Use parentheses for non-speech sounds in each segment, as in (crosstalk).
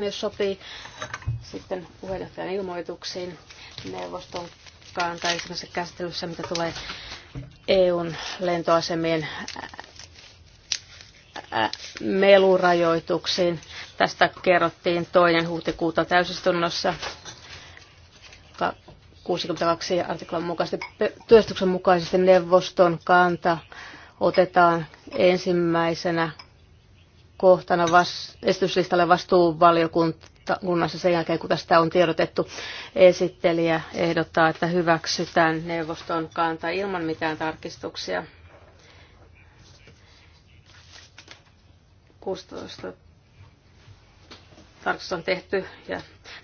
myös sopii sitten puheenjohtajan ilmoituksiin neuvoston kantaa ensimmäisessä käsittelyssä, mitä tulee EUn lentoasemien melurajoituksiin. Tästä kerrottiin toinen huhtikuuta täysistunnossa 62 artiklan mukaisesti työstyksen mukaisesti neuvoston kanta otetaan ensimmäisenä kohtana vast, esityslistalle vastuuvaliokunnassa sen jälkeen, kun tästä on tiedotettu. Esittelijä ehdottaa, että hyväksytään neuvoston kanta ilman mitään tarkistuksia. 16 tarkistus on tehty, ja,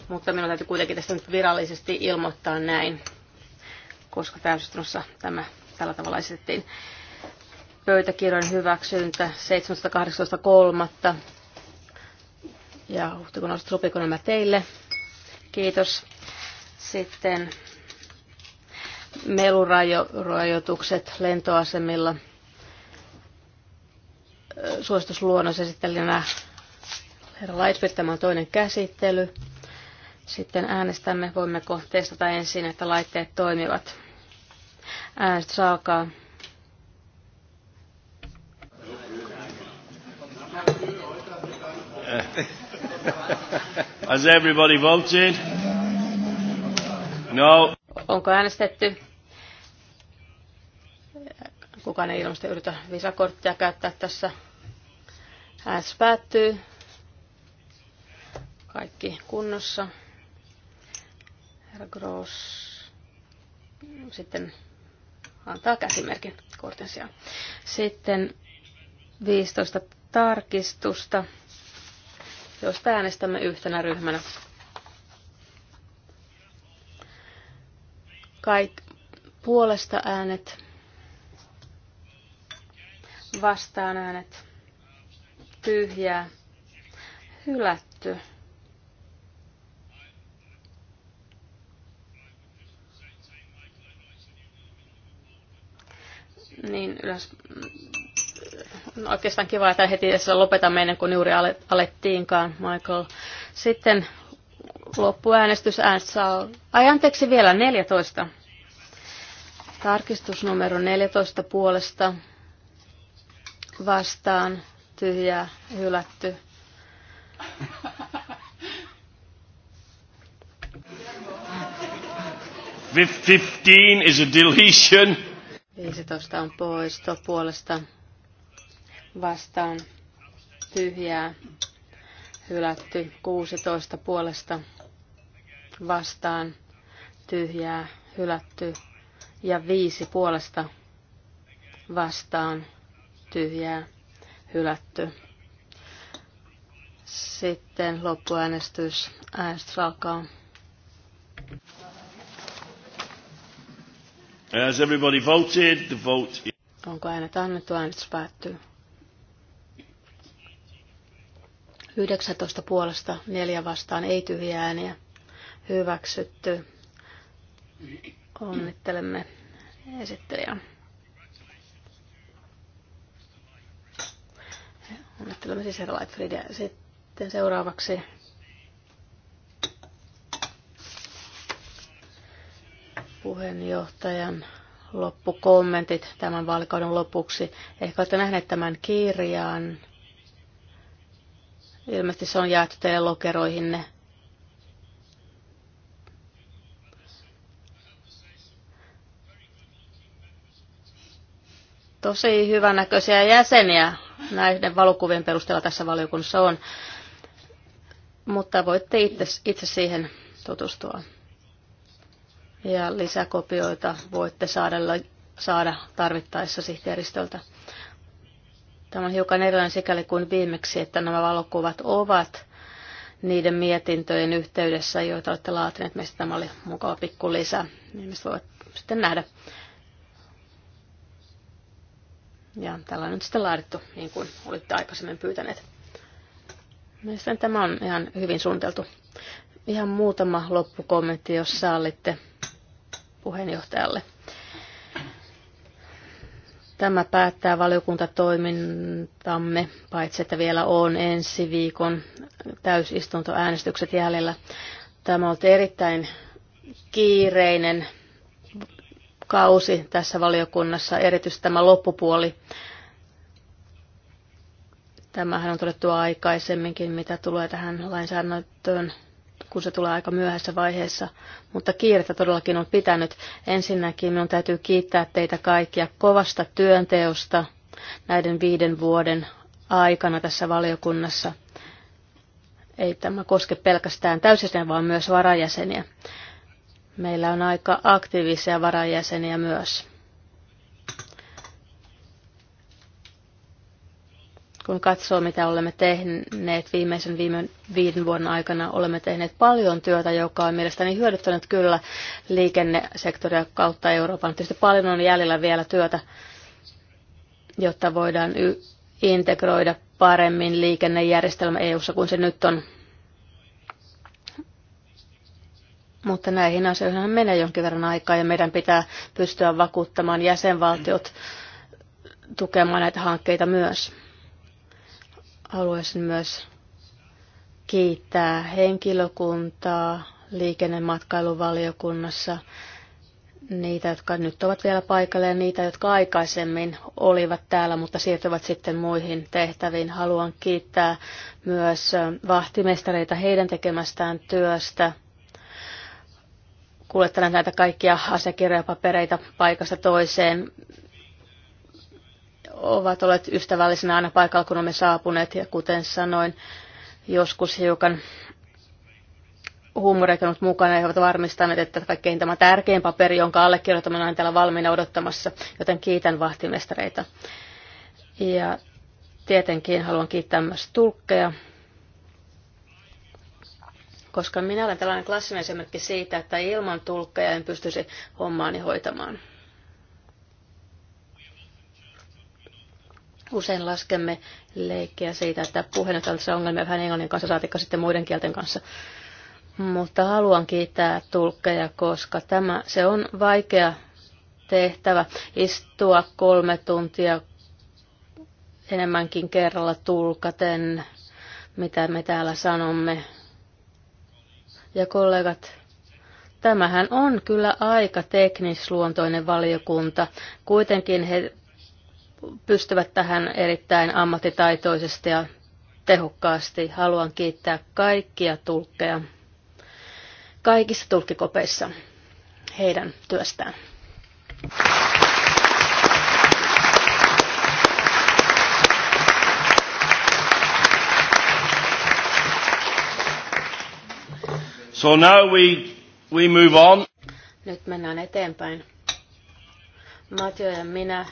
mutta minun täytyy kuitenkin tästä nyt virallisesti ilmoittaa näin, koska täysistunnossa tämä tällä tavalla esitettiin pöytäkirjan hyväksyntä 17.18.3. Ja huhtikuun alusta sopiko nämä teille? Kiitos. Sitten melurajoitukset lentoasemilla. Suositusluonnos esittelijänä herra Lightfield, tämä on toinen käsittely. Sitten äänestämme, voimmeko testata ensin, että laitteet toimivat. Äänestys alkaa. (laughs) Has everybody voted? No. Onko äänestetty? Kukaan ei ilmeisesti yritä visakorttia käyttää tässä. Äänestys päättyy. Kaikki kunnossa. Herra Gross sitten antaa käsimerkin kortin Sitten 15 tarkistusta josta äänestämme yhtenä ryhmänä. Kaik puolesta äänet, vastaan äänet, tyhjää, hylätty. Niin ylös on oikeastaan kiva, että heti tässä lopetamme ennen kuin juuri alettiinkaan, Michael. Sitten loppuäänestys äänestää. Ai anteeksi vielä 14. Tarkistus numero 14 puolesta vastaan tyhjää hylätty. Fifteen is a deletion. 15 on poisto puolesta vastaan tyhjää hylätty 16 puolesta vastaan tyhjää hylätty ja viisi puolesta vastaan tyhjää hylätty. Sitten loppuäänestys. Äänestys alkaa. As everybody voted, the vote... Onko äänet annettu? Äänestys päättyy. 19 puolesta, 4 vastaan, ei tyhjää ääniä. Hyväksytty. Onnittelemme esittelijää. Onnittelemme siis herra Lightfriedia. Sitten seuraavaksi puheenjohtajan loppukommentit tämän vaalikauden lopuksi. Ehkä olette nähneet tämän kirjan Ilmeisesti se on jaettu teille lokeroihinne. Tosi hyvännäköisiä jäseniä näiden valokuvien perusteella tässä valiokunnassa on, mutta voitte itse, itse siihen tutustua. Ja lisäkopioita voitte saada, saada tarvittaessa sihteeristöltä. Tämä on hiukan erilainen sikäli kuin viimeksi, että nämä valokuvat ovat niiden mietintöjen yhteydessä, joita olette laatineet. Meistä tämä oli mukava pikku lisä. Niin mistä voit sitten nähdä. Ja tällä on nyt sitten laadittu, niin kuin olitte aikaisemmin pyytäneet. Mielestäni tämä on ihan hyvin suunniteltu. Ihan muutama loppukommentti, jos sallitte puheenjohtajalle. Tämä päättää valiokuntatoimintamme, paitsi että vielä on ensi viikon täysistuntoäänestykset jäljellä. Tämä on erittäin kiireinen kausi tässä valiokunnassa, erityisesti tämä loppupuoli. Tämähän on todettu aikaisemminkin, mitä tulee tähän lainsäädäntöön kun se tulee aika myöhässä vaiheessa, mutta kiirettä todellakin on pitänyt. Ensinnäkin minun täytyy kiittää teitä kaikkia kovasta työnteosta näiden viiden vuoden aikana tässä valiokunnassa. Ei tämä koske pelkästään täysjäseniä, vaan myös varajäseniä. Meillä on aika aktiivisia varajäseniä myös. Kun katsoo, mitä olemme tehneet viimeisen viime viiden vuoden aikana, olemme tehneet paljon työtä, joka on mielestäni hyödyttänyt kyllä liikennesektoria kautta Euroopan. Tietysti paljon on jäljellä vielä työtä, jotta voidaan integroida paremmin liikennejärjestelmä EU-ssa kuin se nyt on. Mutta näihin asioihin menee jonkin verran aikaa ja meidän pitää pystyä vakuuttamaan jäsenvaltiot tukemaan näitä hankkeita myös. Haluaisin myös kiittää henkilökuntaa liikennematkailuvaliokunnassa, niitä, jotka nyt ovat vielä paikalla ja niitä, jotka aikaisemmin olivat täällä, mutta siirtyvät sitten muihin tehtäviin. Haluan kiittää myös vahtimestareita heidän tekemästään työstä. Kuljettelen näitä kaikkia asiakirjapapereita paikasta toiseen ovat olleet ystävällisinä aina paikalla, kun olemme saapuneet. Ja kuten sanoin, joskus hiukan huumoreikanut mukana ja he ovat varmistaneet, että kaikkein tämä tärkein paperi, jonka allekirjoitamme on täällä valmiina odottamassa, joten kiitän vahtimestareita. Ja tietenkin haluan kiittää myös tulkkeja, koska minä olen tällainen klassinen esimerkki siitä, että ilman tulkkeja en pystyisi hommaani hoitamaan. Usein laskemme leikkiä siitä, että puheen on ongelmia vähän englannin kanssa, saatikka sitten muiden kielten kanssa. Mutta haluan kiittää tulkkeja, koska tämä, se on vaikea tehtävä istua kolme tuntia enemmänkin kerralla tulkaten, mitä me täällä sanomme. Ja kollegat, tämähän on kyllä aika teknisluontoinen valiokunta. Kuitenkin he pystyvät tähän erittäin ammattitaitoisesti ja tehokkaasti. Haluan kiittää kaikkia tulkkeja kaikissa tulkkikopeissa heidän työstään. So now we, we move on. Nyt mennään eteenpäin. Matjo ja minä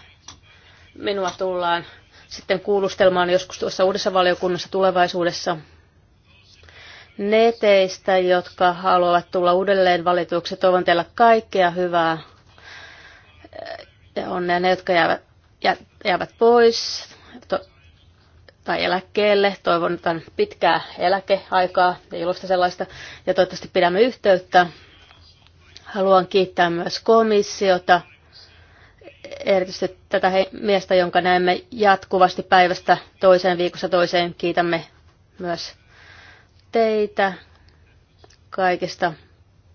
minua tullaan sitten kuulustelmaan joskus tuossa uudessa valiokunnassa tulevaisuudessa. Ne teistä, jotka haluavat tulla uudelleen valituksi, toivon teillä kaikkea hyvää. Ja onnea ne, jotka jäävät, jäävät pois to, tai eläkkeelle. Toivon pitkää eläkeaikaa ja ilosta sellaista. Ja toivottavasti pidämme yhteyttä. Haluan kiittää myös komissiota erityisesti tätä miestä, jonka näemme jatkuvasti päivästä toiseen viikossa toiseen. Kiitämme myös teitä kaikista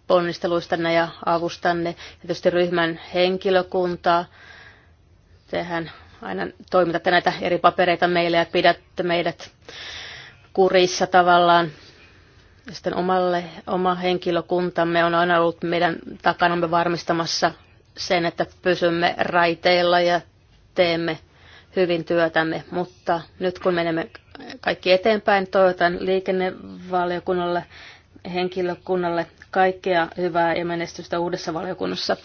ponnisteluistanne ja avustanne ja tietysti ryhmän henkilökuntaa. Tehän aina toimitatte näitä eri papereita meille ja pidätte meidät kurissa tavallaan. Ja sitten omalle, oma henkilökuntamme on aina ollut meidän takanamme varmistamassa sen, että pysymme raiteilla ja teemme hyvin työtämme. Mutta nyt kun menemme kaikki eteenpäin, toivotan liikennevaliokunnalle, henkilökunnalle kaikkea hyvää ja menestystä uudessa valiokunnassa.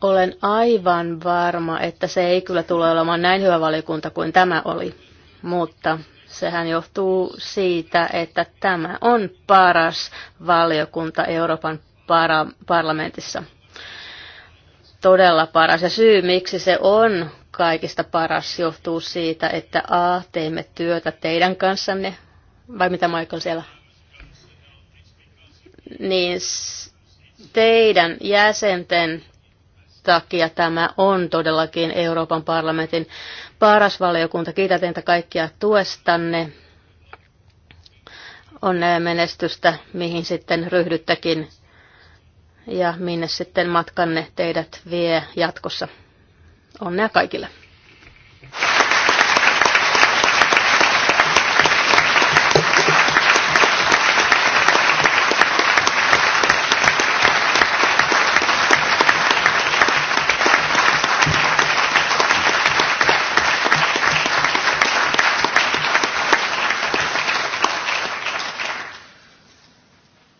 Olen aivan varma, että se ei kyllä tule olemaan näin hyvä valiokunta kuin tämä oli, mutta sehän johtuu siitä, että tämä on paras valiokunta Euroopan parlamentissa todella paras. Ja syy, miksi se on kaikista paras, johtuu siitä, että A, teemme työtä teidän kanssanne, vai mitä Michael siellä? Niin teidän jäsenten takia tämä on todellakin Euroopan parlamentin paras valiokunta. Kiitän teitä kaikkia tuestanne. Onnea menestystä, mihin sitten ryhdyttäkin ja minne sitten matkanne teidät vie jatkossa. Onnea kaikille!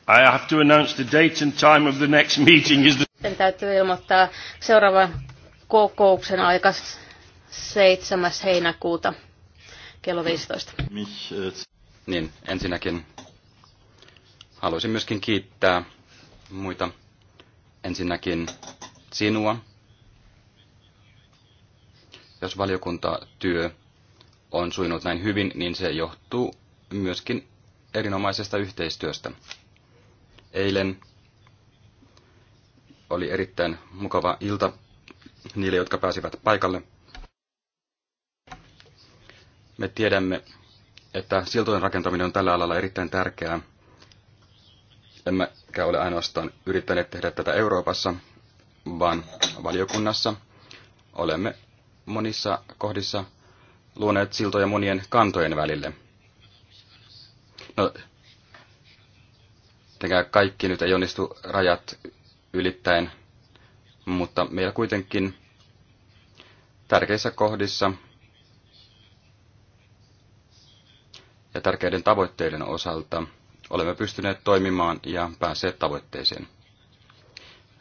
I have to announce the date and time of the next (laughs) meeting is the... täytyy ilmoittaa seuraavan kokouksen aika 7. heinäkuuta kello 15. Äh, niin, ensinnäkin haluaisin myöskin kiittää muita. Ensinnäkin sinua, jos valiokuntatyö on suinut näin hyvin, niin se johtuu myöskin erinomaisesta yhteistyöstä eilen oli erittäin mukava ilta niille, jotka pääsivät paikalle. Me tiedämme, että siltojen rakentaminen on tällä alalla erittäin tärkeää. Emmekä ole ainoastaan yrittäneet tehdä tätä Euroopassa, vaan valiokunnassa olemme monissa kohdissa luoneet siltoja monien kantojen välille. No, Tietenkään kaikki nyt ei onnistu rajat ylittäen, mutta meillä kuitenkin tärkeissä kohdissa ja tärkeiden tavoitteiden osalta olemme pystyneet toimimaan ja päässeet tavoitteeseen.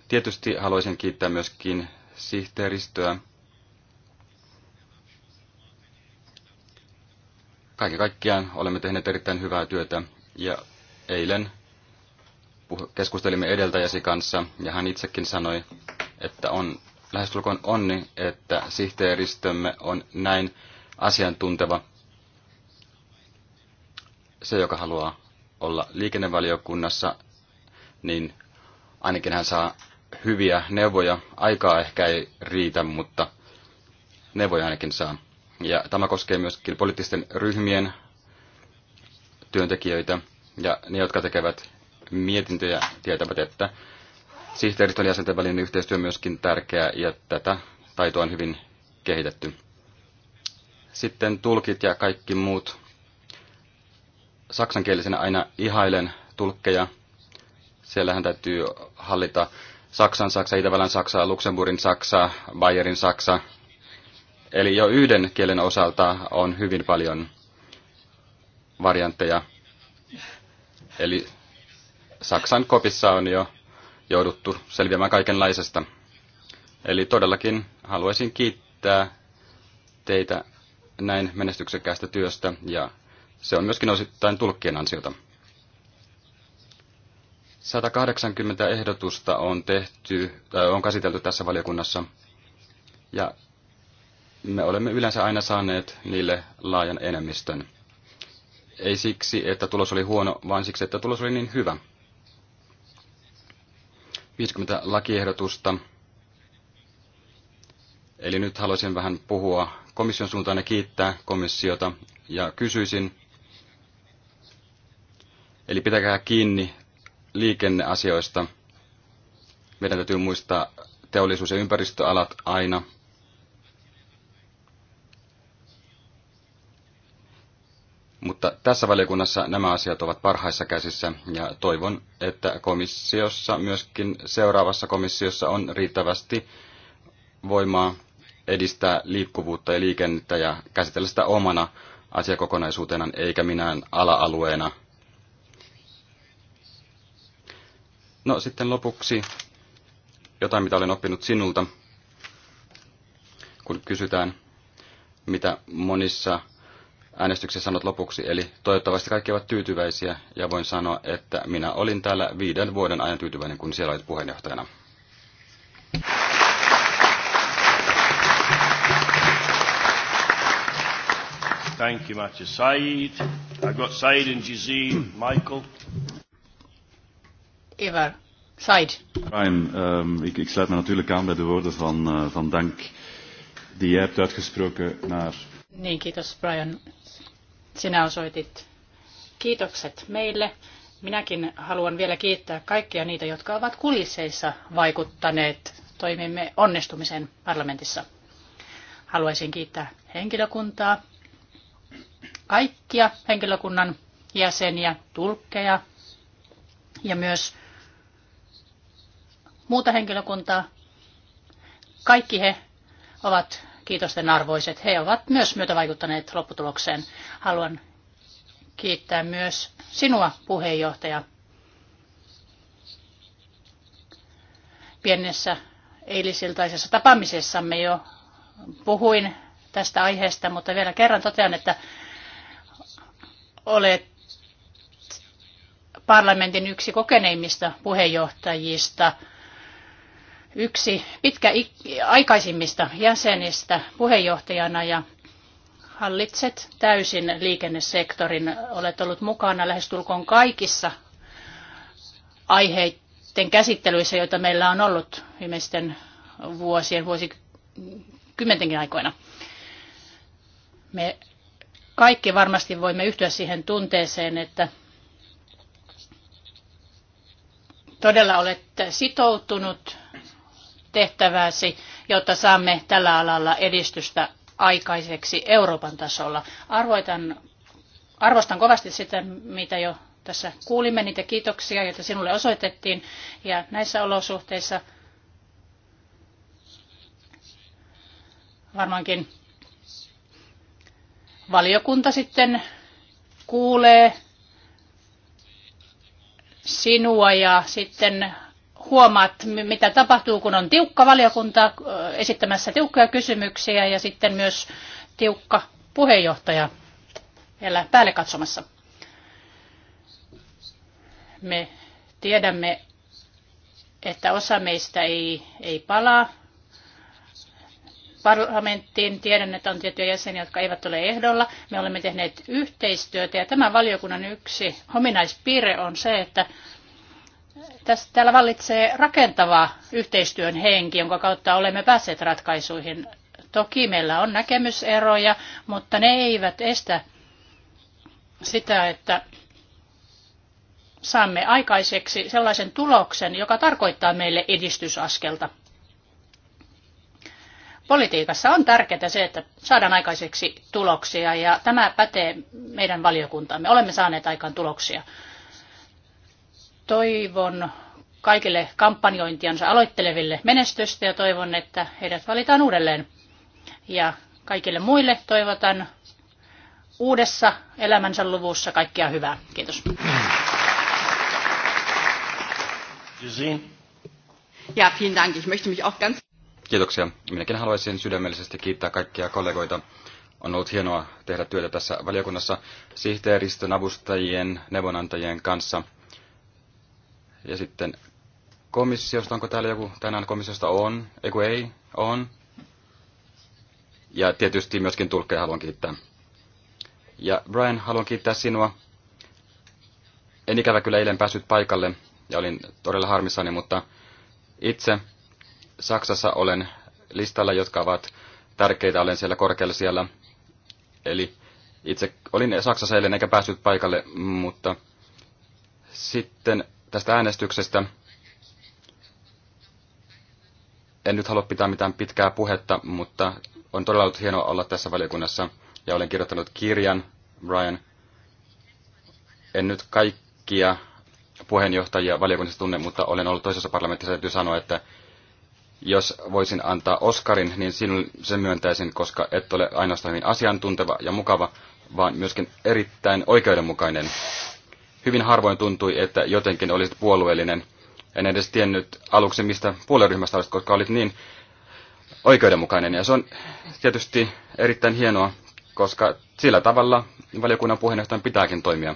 Tietysti haluaisin kiittää myöskin sihteeristöä. Kaiken kaikkiaan olemme tehneet erittäin hyvää työtä ja eilen keskustelimme edeltäjäsi kanssa, ja hän itsekin sanoi, että on lähestulkoon onni, että sihteeristömme on näin asiantunteva. Se, joka haluaa olla liikennevaliokunnassa, niin ainakin hän saa hyviä neuvoja. Aikaa ehkä ei riitä, mutta neuvoja ainakin saa. Ja tämä koskee myöskin poliittisten ryhmien työntekijöitä ja ne, jotka tekevät mietintöjä tietävät, että sihteeristön jäsenten välinen yhteistyö on myöskin tärkeää ja tätä taitoa on hyvin kehitetty. Sitten tulkit ja kaikki muut. Saksankielisenä aina ihailen tulkkeja. Siellähän täytyy hallita Saksan Saksa, Itävallan Saksa, Luxemburgin Saksa, Bayerin Saksa. Eli jo yhden kielen osalta on hyvin paljon variantteja. Eli Saksan kopissa on jo jouduttu selviämään kaikenlaisesta. Eli todellakin haluaisin kiittää teitä näin menestyksekkäästä työstä ja se on myöskin osittain tulkkien ansiota. 180 ehdotusta on tehty, tai äh, on käsitelty tässä valiokunnassa, ja me olemme yleensä aina saaneet niille laajan enemmistön. Ei siksi, että tulos oli huono, vaan siksi, että tulos oli niin hyvä. 50 lakiehdotusta. Eli nyt haluaisin vähän puhua komission suuntaan ja kiittää komissiota ja kysyisin, eli pitäkää kiinni liikenneasioista. Meidän täytyy muistaa teollisuus- ja ympäristöalat aina Mutta tässä valiokunnassa nämä asiat ovat parhaissa käsissä ja toivon, että komissiossa, myöskin seuraavassa komissiossa on riittävästi voimaa edistää liikkuvuutta ja liikennettä ja käsitellä sitä omana asiakokonaisuutena eikä minään ala-alueena. No sitten lopuksi jotain, mitä olen oppinut sinulta, kun kysytään, mitä monissa äänestyksen sanot lopuksi. Eli toivottavasti kaikki ovat tyytyväisiä ja voin sanoa, että minä olin täällä viiden vuoden ajan tyytyväinen, kun siellä olit puheenjohtajana. Thank you much, Said. I've got Said and Jazeen, Michael. Eva, Said. Brian, um, ehm, ik, ik sluit me natuurlijk aan bij de woorden van, uh, van dank die jij hebt uitgesproken naar... Niin, kiitos Brian sinä osoitit kiitokset meille. Minäkin haluan vielä kiittää kaikkia niitä, jotka ovat kulisseissa vaikuttaneet toimimme onnistumisen parlamentissa. Haluaisin kiittää henkilökuntaa, kaikkia henkilökunnan jäseniä, tulkkeja ja myös muuta henkilökuntaa. Kaikki he ovat kiitosten arvoiset. He ovat myös myötävaikuttaneet lopputulokseen. Haluan kiittää myös sinua, puheenjohtaja. Pienessä eilisiltaisessa tapaamisessamme jo puhuin tästä aiheesta, mutta vielä kerran totean, että olet parlamentin yksi kokeneimmista puheenjohtajista – yksi pitkä aikaisimmista jäsenistä puheenjohtajana ja hallitset täysin liikennesektorin. Olet ollut mukana lähestulkoon kaikissa aiheiden käsittelyissä, joita meillä on ollut viimeisten vuosien, vuosikymmentenkin aikoina. Me kaikki varmasti voimme yhtyä siihen tunteeseen, että todella olet sitoutunut tehtäväsi, jotta saamme tällä alalla edistystä aikaiseksi Euroopan tasolla. Arvoitan, arvostan kovasti sitä, mitä jo tässä kuulimme, niitä kiitoksia, joita sinulle osoitettiin. Ja näissä olosuhteissa varmaankin valiokunta sitten kuulee sinua ja sitten huomaat, mitä tapahtuu, kun on tiukka valiokunta esittämässä tiukkoja kysymyksiä ja sitten myös tiukka puheenjohtaja vielä päälle katsomassa. Me tiedämme, että osa meistä ei, ei palaa parlamenttiin. Tiedän, että on tiettyjä jäseniä, jotka eivät ole ehdolla. Me olemme tehneet yhteistyötä ja tämän valiokunnan yksi ominaispiirre on se, että tässä, täällä vallitsee rakentava yhteistyön henki, jonka kautta olemme päässeet ratkaisuihin. Toki meillä on näkemyseroja, mutta ne eivät estä sitä, että saamme aikaiseksi sellaisen tuloksen, joka tarkoittaa meille edistysaskelta. Politiikassa on tärkeää se, että saadaan aikaiseksi tuloksia ja tämä pätee meidän valiokuntaamme. Olemme saaneet aikaan tuloksia. Toivon kaikille kampanjointiansa aloitteleville menestystä ja toivon, että heidät valitaan uudelleen. Ja kaikille muille toivotan uudessa elämänsä luvussa kaikkea hyvää. Kiitos. Ja, vielen Dank. Ich möchte mich auch ganz... Kiitoksia. Minäkin haluaisin sydämellisesti kiittää kaikkia kollegoita. On ollut hienoa tehdä työtä tässä valiokunnassa sihteeristön, avustajien, neuvonantajien kanssa – ja sitten komissiosta, onko täällä joku tänään komissiosta? On. Eiku ei, on. Ja tietysti myöskin tulkkeja haluan kiittää. Ja Brian, haluan kiittää sinua. En ikävä kyllä eilen päässyt paikalle ja olin todella harmissani, mutta itse Saksassa olen listalla, jotka ovat tärkeitä, olen siellä korkealla siellä. Eli itse olin Saksassa eilen eikä päässyt paikalle, mutta sitten tästä äänestyksestä. En nyt halua pitää mitään pitkää puhetta, mutta on todella ollut hienoa olla tässä valiokunnassa ja olen kirjoittanut kirjan, Brian. En nyt kaikkia puheenjohtajia valiokunnassa tunne, mutta olen ollut toisessa parlamentissa, täytyy sanoa, että jos voisin antaa Oscarin, niin sinun sen myöntäisin, koska et ole ainoastaan hyvin asiantunteva ja mukava, vaan myöskin erittäin oikeudenmukainen hyvin harvoin tuntui, että jotenkin olisit puolueellinen. En edes tiennyt aluksi, mistä puolueryhmästä olisit, koska olit niin oikeudenmukainen. Ja se on tietysti erittäin hienoa, koska sillä tavalla valiokunnan puheenjohtajan pitääkin toimia.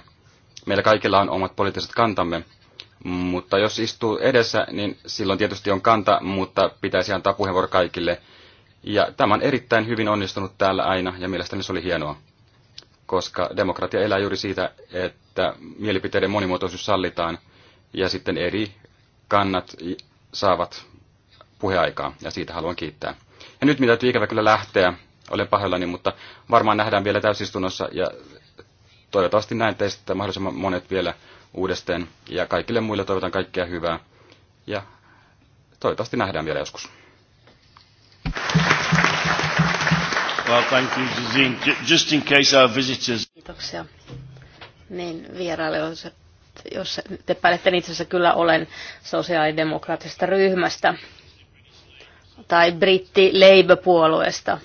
Meillä kaikilla on omat poliittiset kantamme, mutta jos istuu edessä, niin silloin tietysti on kanta, mutta pitäisi antaa puheenvuoro kaikille. Ja tämä on erittäin hyvin onnistunut täällä aina, ja mielestäni se oli hienoa koska demokratia elää juuri siitä, että mielipiteiden monimuotoisuus sallitaan ja sitten eri kannat saavat puheaikaa ja siitä haluan kiittää. Ja nyt minä täytyy ikävä kyllä lähteä, olen pahoillani, mutta varmaan nähdään vielä täysistunnossa ja toivottavasti näen teistä mahdollisimman monet vielä uudestaan ja kaikille muille toivotan kaikkea hyvää ja toivottavasti nähdään vielä joskus. Well, thank you, Zin. Just in case our visitors... Kiitoksia. Niin, vierailijoita, jos te päätätte, niin itse asiassa kyllä olen sosiaalidemokraattisesta ryhmästä tai britti Labour-puolueesta.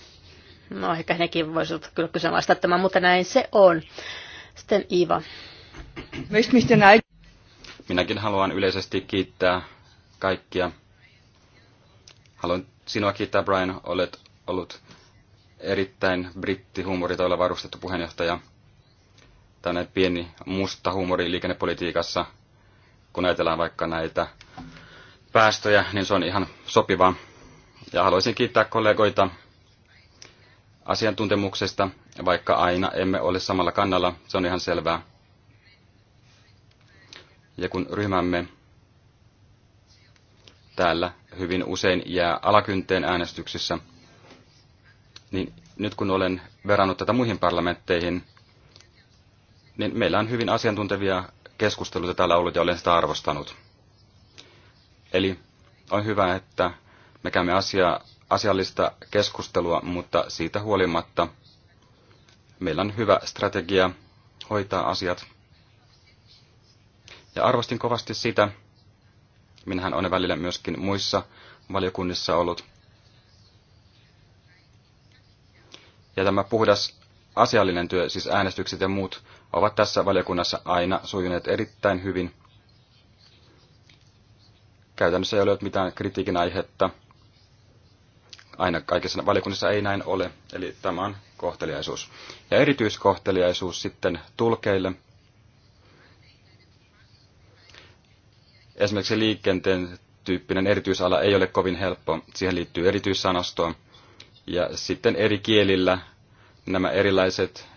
No ehkä nekin voisivat kyllä kyseenalaistaa tämän, mutta näin se on. Sitten Iva. Minäkin haluan yleisesti kiittää kaikkia. Haluan sinua kiittää, Brian. Olet ollut erittäin brittihuumoritoilla varustettu puheenjohtaja. Tällainen pieni musta huumori liikennepolitiikassa, kun ajatellaan vaikka näitä päästöjä, niin se on ihan sopivaa. Ja haluaisin kiittää kollegoita asiantuntemuksesta, vaikka aina emme ole samalla kannalla, se on ihan selvää. Ja kun ryhmämme täällä hyvin usein jää alakynteen äänestyksissä, niin nyt kun olen verrannut tätä muihin parlamentteihin, niin meillä on hyvin asiantuntevia keskusteluita täällä ollut ja olen sitä arvostanut. Eli on hyvä, että me käymme asiaa, asiallista keskustelua, mutta siitä huolimatta meillä on hyvä strategia hoitaa asiat. Ja arvostin kovasti sitä, minähän olen välillä myöskin muissa valiokunnissa ollut, Ja tämä puhdas asiallinen työ, siis äänestykset ja muut, ovat tässä valiokunnassa aina sujuneet erittäin hyvin. Käytännössä ei ole mitään kritiikin aihetta. Aina kaikissa valiokunnissa ei näin ole, eli tämä on kohteliaisuus. Ja erityiskohteliaisuus sitten tulkeille. Esimerkiksi liikenteen tyyppinen erityisala ei ole kovin helppo. Siihen liittyy erityissanastoa ja sitten eri kielillä nämä erilaiset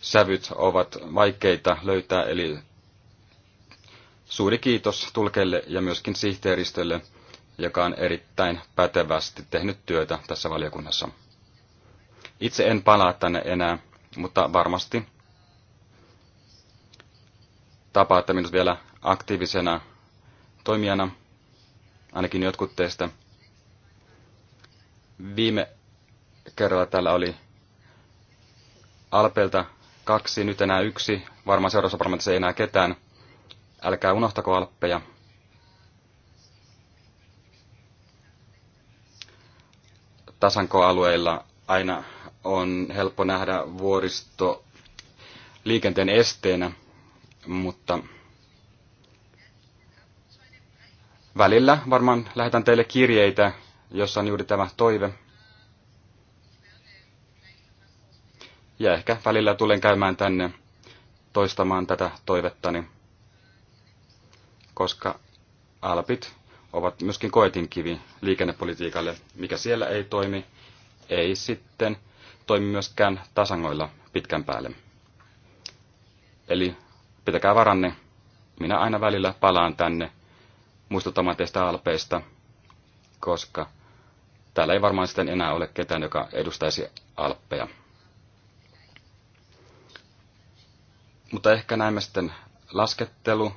sävyt ovat vaikeita löytää, eli suuri kiitos tulkeille ja myöskin sihteeristölle, joka on erittäin pätevästi tehnyt työtä tässä valiokunnassa. Itse en palaa tänne enää, mutta varmasti tapaatte minut vielä aktiivisena toimijana, ainakin jotkut teistä. Viime kerralla täällä oli Alpelta kaksi, nyt enää yksi. Varmaan seuraavassa parlamentissa ei enää ketään. Älkää unohtako Alppeja. Tasankoalueilla aina on helppo nähdä vuoristo liikenteen esteenä, mutta välillä varmaan lähetän teille kirjeitä jossa on juuri tämä toive. Ja ehkä välillä tulen käymään tänne toistamaan tätä toivettani, koska alpit ovat myöskin koetinkivi liikennepolitiikalle. Mikä siellä ei toimi, ei sitten toimi myöskään tasangoilla pitkän päälle. Eli pitäkää varanne. Minä aina välillä palaan tänne muistuttamaan teistä alpeista, koska Täällä ei varmaan sitten enää ole ketään, joka edustaisi Alppeja. Mutta ehkä näemme sitten laskettelu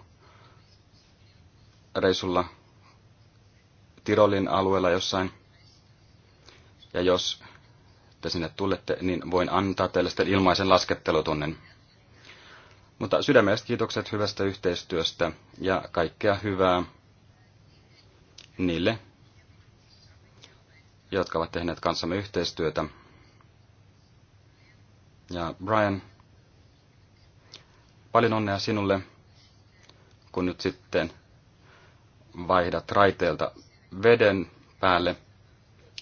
reisulla Tirolin alueella jossain. Ja jos te sinne tulette, niin voin antaa teille sitten ilmaisen laskettelutunnin. Mutta sydämestä kiitokset hyvästä yhteistyöstä ja kaikkea hyvää niille, jotka ovat tehneet kanssamme yhteistyötä. Ja Brian, paljon onnea sinulle, kun nyt sitten vaihdat raiteelta veden päälle.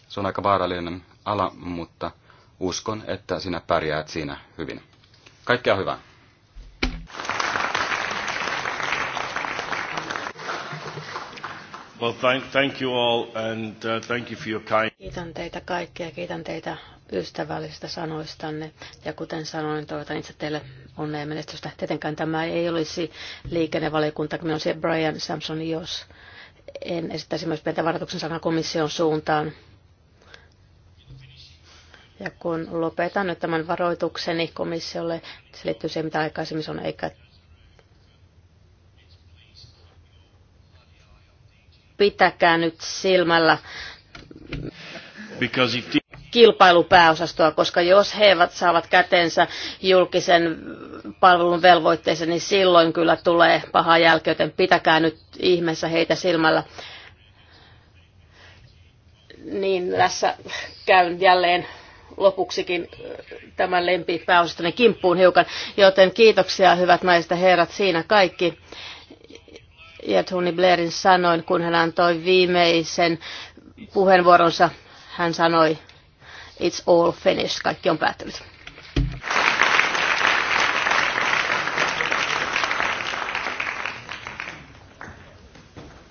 Se on aika vaarallinen ala, mutta uskon, että sinä pärjäät siinä hyvin. Kaikkea hyvää! Well, thank, thank you all and uh, thank you for your kind... Kiitän teitä kaikkia, kiitän teitä ystävällisistä sanoistanne. Ja kuten sanoin, toivotan itse teille onnea menestystä. Tietenkään tämä ei olisi liikennevaliokunta, on se Brian Samson, jos en esittäisi myös pientä varoituksen sanaa komission suuntaan. Ja kun lopetan nyt tämän varoitukseni komissiolle, se liittyy siihen, mitä aikaisemmin on, eikä pitäkää nyt silmällä kilpailupääosastoa, koska jos he eivät saavat kätensä julkisen palvelun velvoitteeseen, niin silloin kyllä tulee paha jälki, joten pitäkää nyt ihmeessä heitä silmällä. Niin tässä käyn jälleen lopuksikin äh, tämän lempipääosastoni kimppuun hiukan, joten kiitoksia hyvät naiset ja herrat, siinä kaikki ja Tony Blairin sanoin, kun hän antoi viimeisen puheenvuoronsa, hän sanoi, it's all finished, kaikki on päättynyt.